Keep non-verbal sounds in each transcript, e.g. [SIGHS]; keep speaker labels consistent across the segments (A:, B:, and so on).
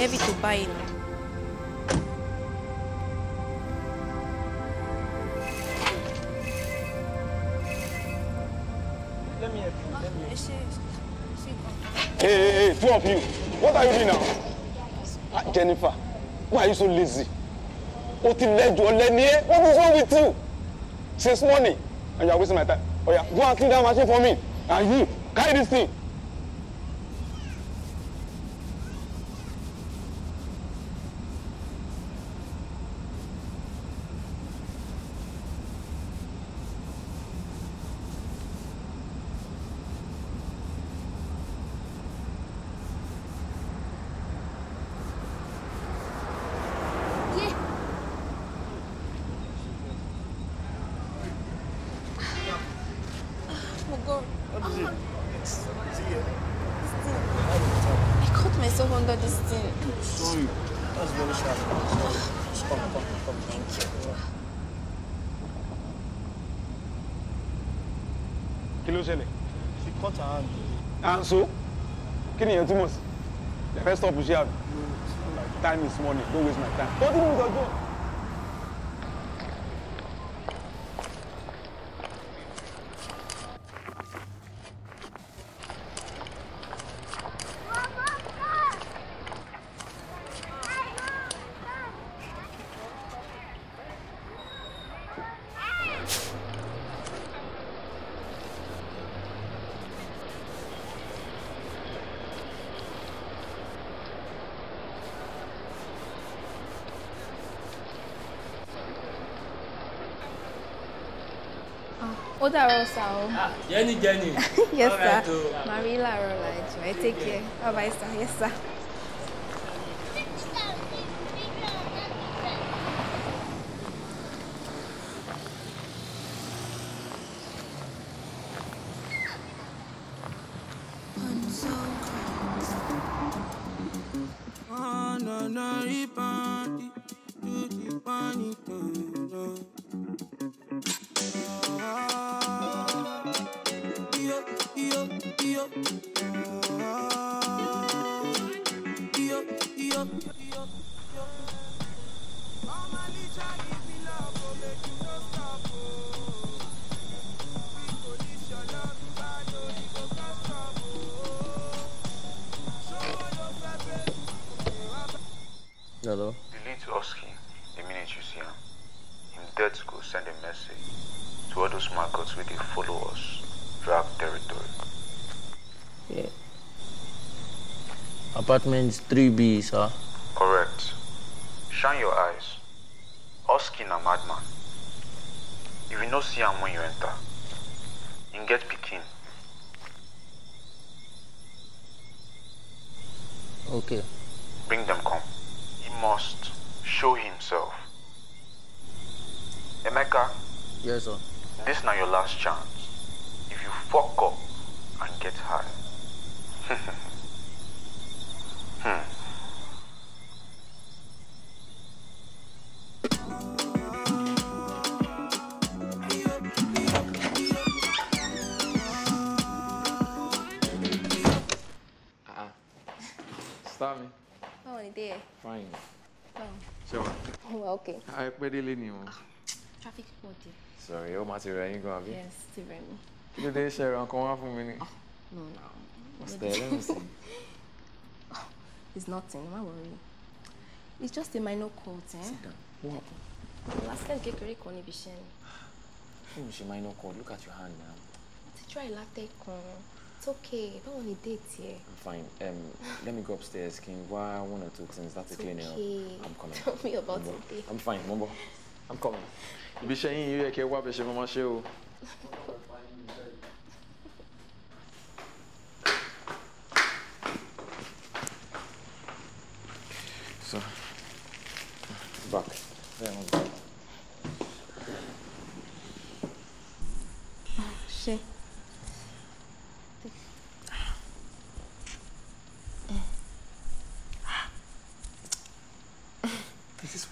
A: σε του Μπάιν. Hey, hey, hey, two of you. What are you doing now? Ah, Jennifer, why are you so lazy? What is wrong with you? Since morning, and you are wasting my time. Oh yeah, go and clean that machine for me. And you, carry this thing. kí ló ṣẹlẹ̀. she cut her hand. and ah, so kí ni ìyẹn túmọ̀ sí the first stop the share time is money don't waste my time. ó ti mú ìtọ́jú ọ̀. Oda dàárọ̀ Jenny Jenny. Yes sir. Màá rí láàárọ̀ take care. Bye bye sir. Yes sir. Apartment 3B, sir. Correct. Shine your eyes. Oskin a madman. If you no see him when you enter, you get picking. Okay. Bring them come. He must show himself. Emeka. Yes, sir. This not your last chance. If you fuck up and get high. [LAUGHS] pẹ́ délé ni o. Ah, traffic pọ̀ dé. sorry ó máa ti rẹ̀ yín gan-an yes ti rẹ̀ mi. kí ló dé ṣe ẹ̀rọ nǹkan wá fún mi ni. Ah, no no. what's there let me see. it's nothing no worry it's just a minor cold. Eh? sit down what. last time kékeré kan níbi iṣẹ́ ni. kí ni ṣe minor cold look at your hand now. ti try latte kan it's okay. I Báwo ni déètì ẹ? I'm fine. Um, let me go upstairs King. Why? I want to talk since that's láti clean up. I'm coming. [LAUGHS] Tell me about it. I'm fine. Mo I'm coming. You be saying you yẹ kí ẹ wá bẹ̀ ṣe máa So, back. There, back. Oh, shit.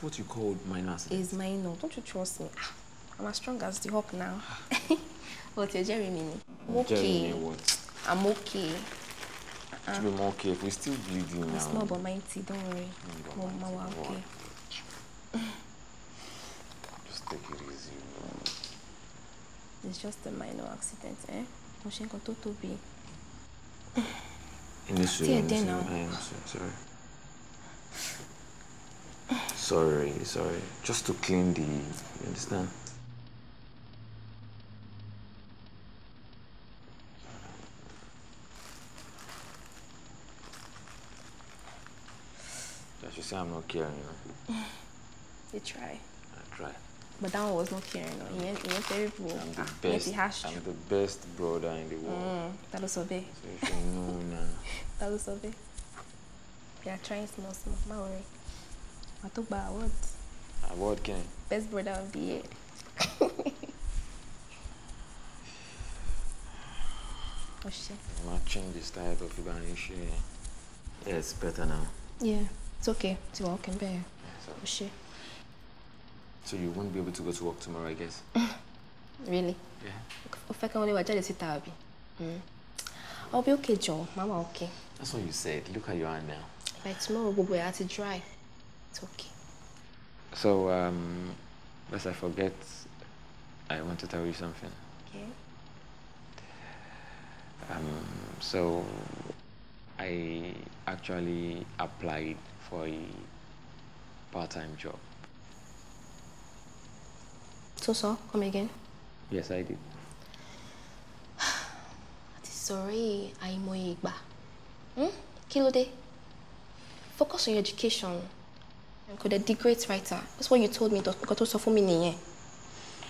A: what you called my nurse. Is my Don't you trust me? Ah, I'm as strong as the Hulk now. [SIGHS] but you're Jeremy. I'm okay. Jeremy, what? I'm okay. Uh-uh. Should be more okay. We're still bleeding now. It's not about my teeth, don't worry. Mom, mom, I'm okay. Just take it easy. Man. It's just a minor accident, eh? Mo ṣe nǹkan tó tóbi. In in this room, I am sorry. Sorry, sorry. Just to clean the... You understand? That you say I'm not caring, right? [SIGHS] you try. I try. But that one was not caring. No. He ain't, he ain't terrible. I'm the ah, best. Yes, I'm the best brother in the world. Mm, that was obey. So you should know now. [LAUGHS] that was obey. You are trying small, small. Don't worry. Matou ba award. Award game. Best Brother of the Year. [LAUGHS] Oxê. Oh, I'm gonna change this title if you're issue Yeah, it's better now. Yeah, it's okay. It's all can bear. Oxê. So you won't be able to go to work tomorrow, I guess? [LAUGHS] really? Yeah. If I can only watch it, it's I'll be okay, Joe. Mama, okay. That's what you said. Look at your hand now. By tomorrow, we'll be able to drive. It's okay. So, um, lest I forget, I want to tell you something. Okay. Um, so, I actually applied for a part-time job. So, so, come again? Yes, I did. [SIGHS] Sorry, I'm Oigba. Hmm? Kí Focus on your education. Could a great writer? That's what you told me, Dr. Sofumini.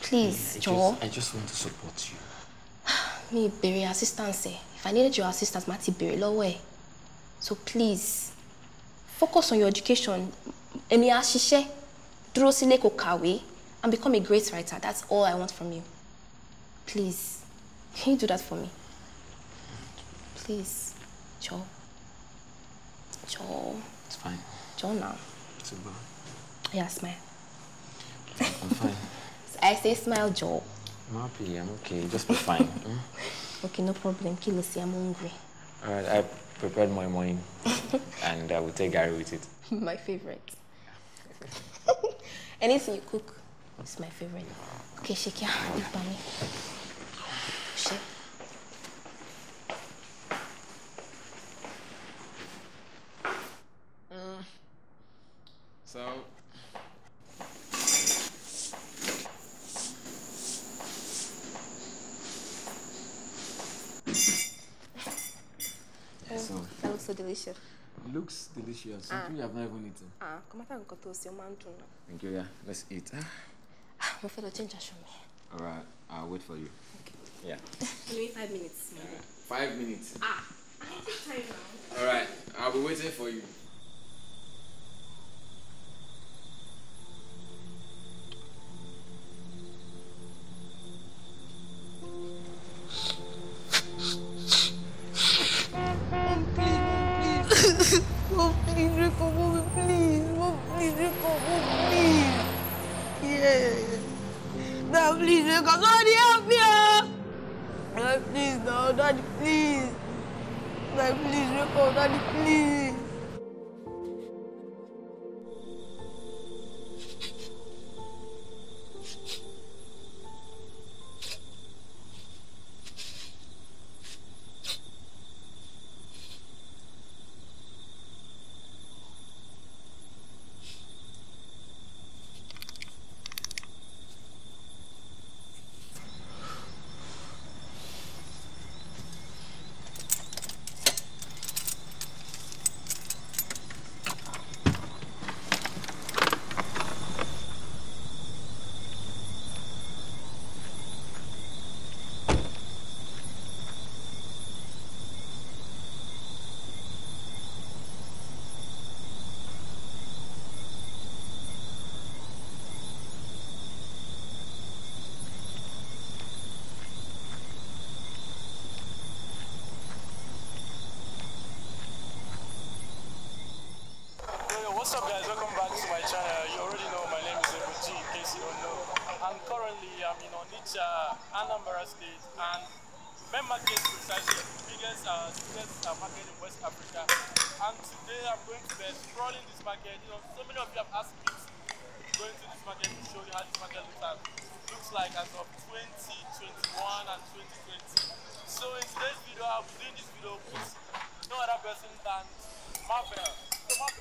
A: Please, Joe. I just want to support you. [SIGHS] Me, Berry, assistance. If I needed your assistance, Mati Berry, way. So please, focus on your education. Èmi á ṣiṣẹ́, dúró sílé and become a great writer. That's all I want from you. Please, can you do that for me? Please, Joe. Joe. It's fine. Joe now possible. Yeah, smile. I'm fine. [LAUGHS] I say smile, Joe. I'm happy, I'm okay. Just be fine. [LAUGHS] Mm? Okay, no problem. see? I'm hungry. Alright, I prepared my morning. [LAUGHS] and I will take Gary with it. my favorite. Anything you cook is my favorite. Okay, shake your hand, Shake. looks delicious. Ah. you have not even eaten. Ah, come on, thank you see your Thank you, yeah. Let's eat. Ah, ah my fellow change show me. All right, I'll wait for you. Okay. Yeah. Give me five minutes. Maybe. Five minutes. Ah, I need time now. All right, I'll be waiting for you.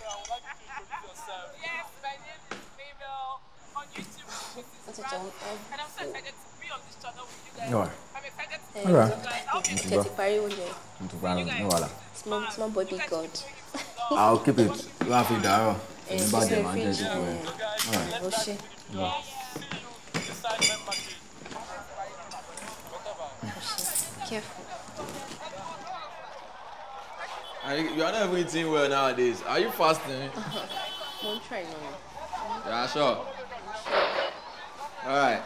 A: yes, my name is on YouTube. And I'm so excited to be on this channel with you guys. No. will keep it laughing down. Remember the man just go in. Alright. Careful you are not even eating well nowadays. Are you fasting? Won't [LAUGHS] try now. Yeah, sure. All right.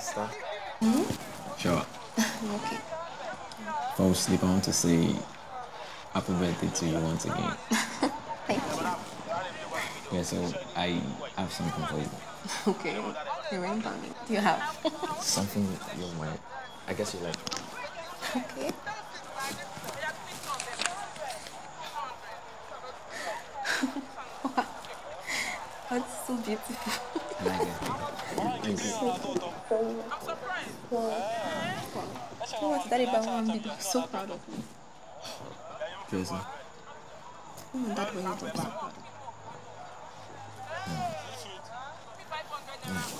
A: Stop. Mm -hmm. Sure. [LAUGHS] okay. Before we I want to say happy birthday to you once again. [LAUGHS] Thank you. Yeah, so I have something for you. okay ring Do you have? [LAUGHS] Something you might. I guess you like. Okay. [LAUGHS] That's so beautiful. Pô, Wow. Wow. bom amigo. So proud of you. Crazy. Vou mandar pra ele do bar. Mm. Mm.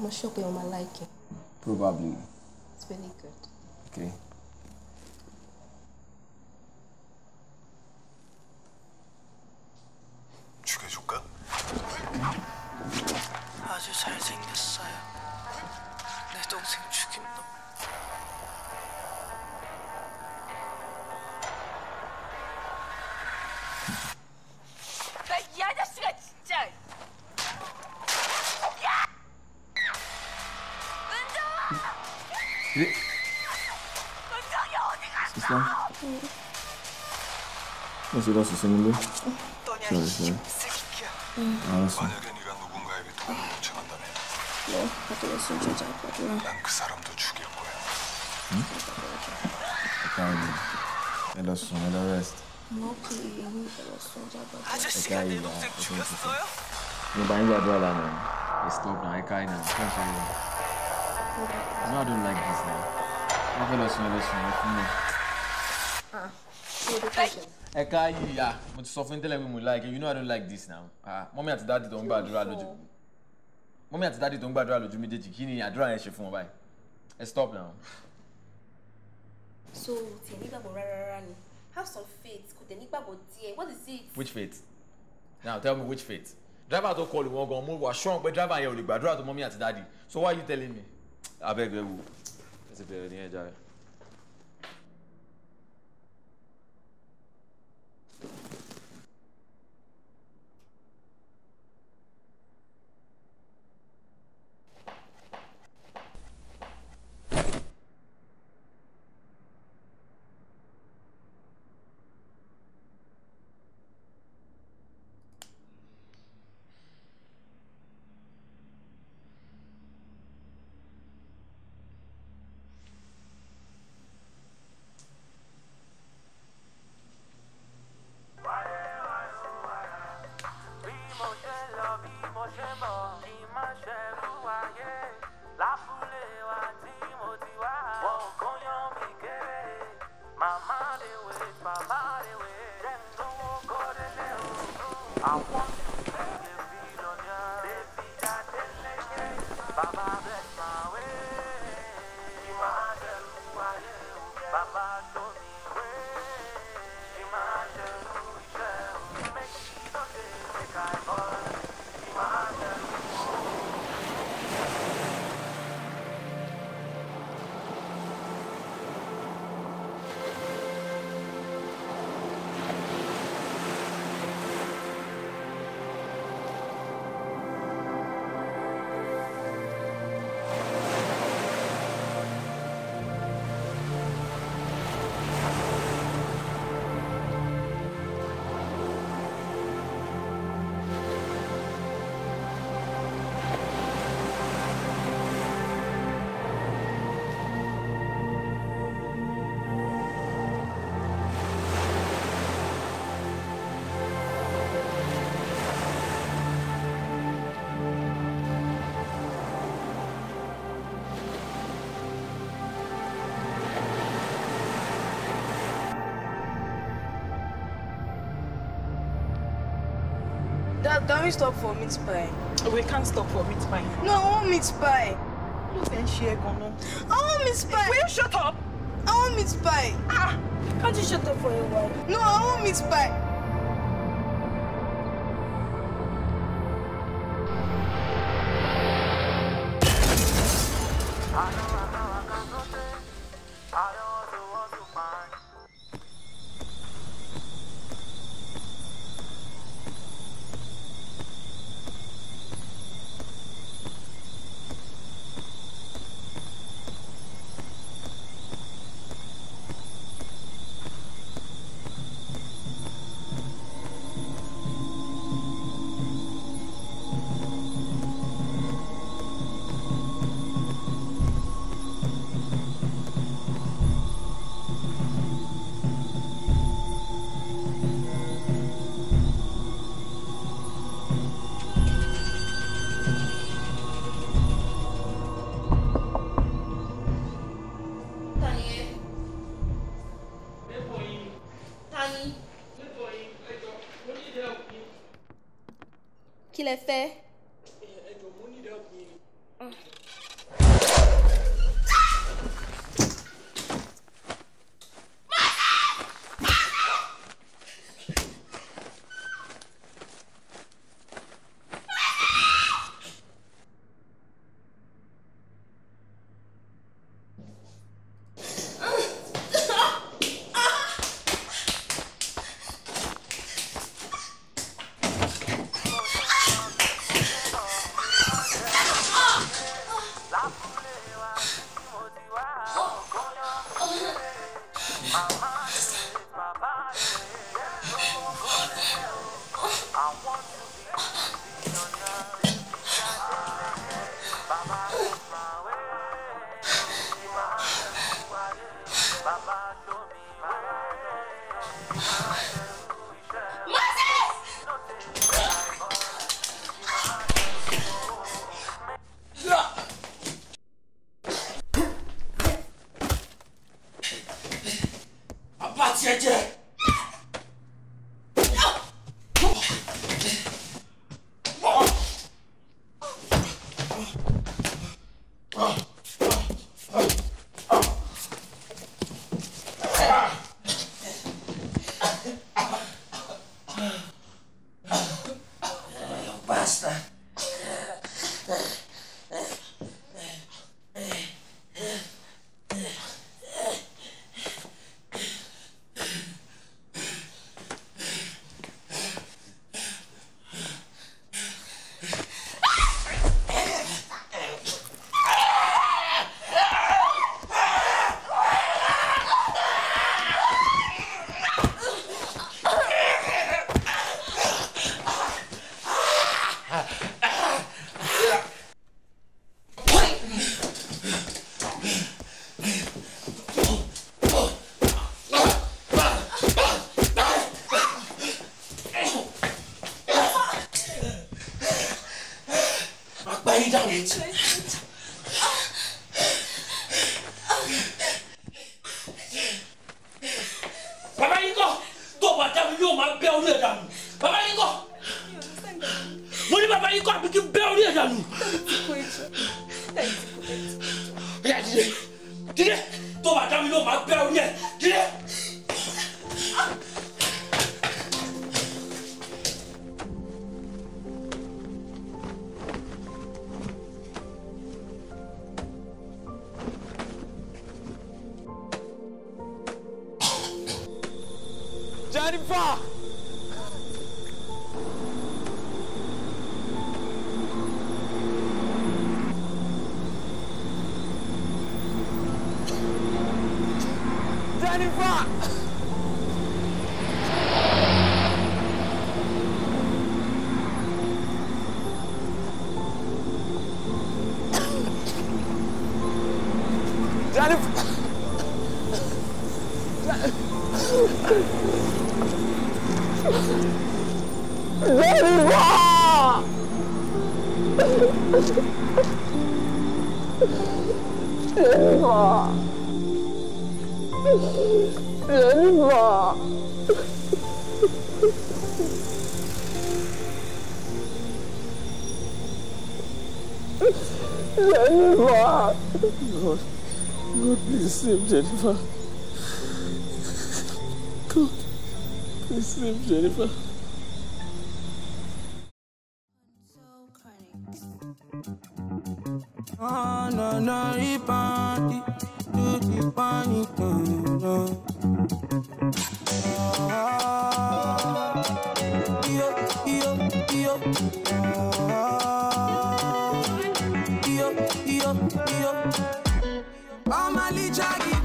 A: I'm sure you're my l i k i n Probably. It's very good. Okay. 죽여줄까? 아주 잘생겼어요. 내 동생 죽인 놈. 사실 할수 있었는데 잘했어요 알았어 만약에 네가 누군가에게 도움을 요청한다면 네 나도 진짜 잘거든 난그 사람도 죽일 거야 응? 잠깐만 나 수상하다 그랬어 너그 양이 들었어 아저씨가 내 동생 죽였어요? 이거 많이 봐줘야 나는 It's dope now, I kind of can't tell you I know I don't like this now I feel like I'm listening, I'm listening Ah ẹ̀ka yíya mo ti sọ fún tẹ́lẹ̀ pé mo like you know I don't like this now ah, mọ́mí àti dáàdì tó ń gbàdúrà lójú mọ́mí àti dáàdì tó ń gbàdúrà lójú méjèèjì kí ni àdúrà yẹn ṣe fún wọn báyìí ẹ stop now. so tẹ̀ nígbàgbọ́ rárá rárá ni have some faith kò tẹ̀ nígbàgbọ́ díẹ̀ what is it. which faith now tell me which faith driver tó kọlù wọn gan mo wà ṣọ́n pé driver yẹn ò lè gbàdúrà tó mọ́mí àti dáàdì so why are you telling me abeg ẹ wo ẹ ti bẹ̀rẹ̀ ní ẹja rẹ. ṣẹ́bọ̀ ni má ṣẹ́rú ayé lábúlé wa tí mo ti wá. Wọ́n kò yan mi kéré, màmá lè wé, bàbá lè wé, jẹ́ ń lówó kó délé òun. Da can we stop for meat pie? We can't stop for meat pie. No, I want meat pie. Ló fẹ́ ṣe é gan I want meat pie. Will you shut up? I want meat pie. Ah, can't you shut up for a while? No, I want meat pie. lẹ fẹ́. Cześć. Einfach! 人马，人马。Jennifer! God, please save Jennifer. God, please save Jennifer. Oh, no, no, Yo, yo, yo. All my leech,